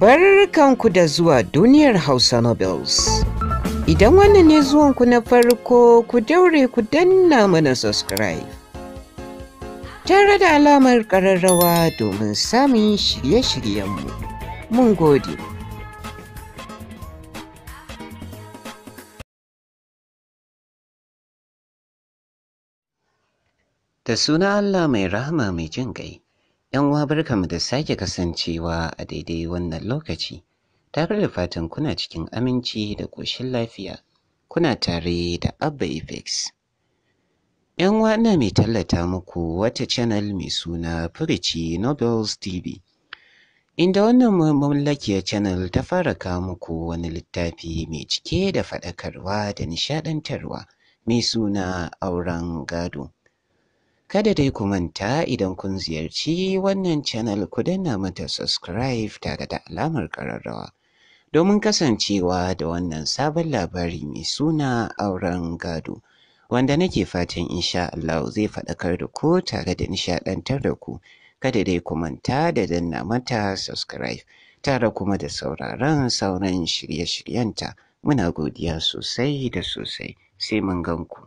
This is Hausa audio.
Barkanku da zuwa duniyar Hausa Nobles. Idan wannan ne zuwanku na farko ku daure ku danna mana subscribe. Tare da alamar ƙararrawa domin samun shirye-shiryenmu. Mun gode. Da suna Allah mai rahama mai jin gai. Yanwa uwa mu da sake kasancewa a daidai wannan lokaci tare da fatan kuna cikin aminci da ƙoshin lafiya kuna tare da abba apex yan uwa ina mai tallata muku wata channel mai suna firici nobles tv inda wannan mamlakiyar cannel ta fara kawo muku wani littafi mai cike da faɗakarwa da nishaɗantarwa mai suna auren gado Kada dai ku manta idan kun ziyarci wannan channel ku danna mata subscribe tare da alamar ƙararrawa domin kasancewa da wannan sabon labari mai suna auren gado wanda nake fatan insha Allah zai faɗakar da ku tare da nishaɗantar da ku. Kada dai ku manta da danna mata subscribe tare kuma da sauraron sauran shirye-shiryenta. Muna godiya sosai da sosai sai mun gan ku.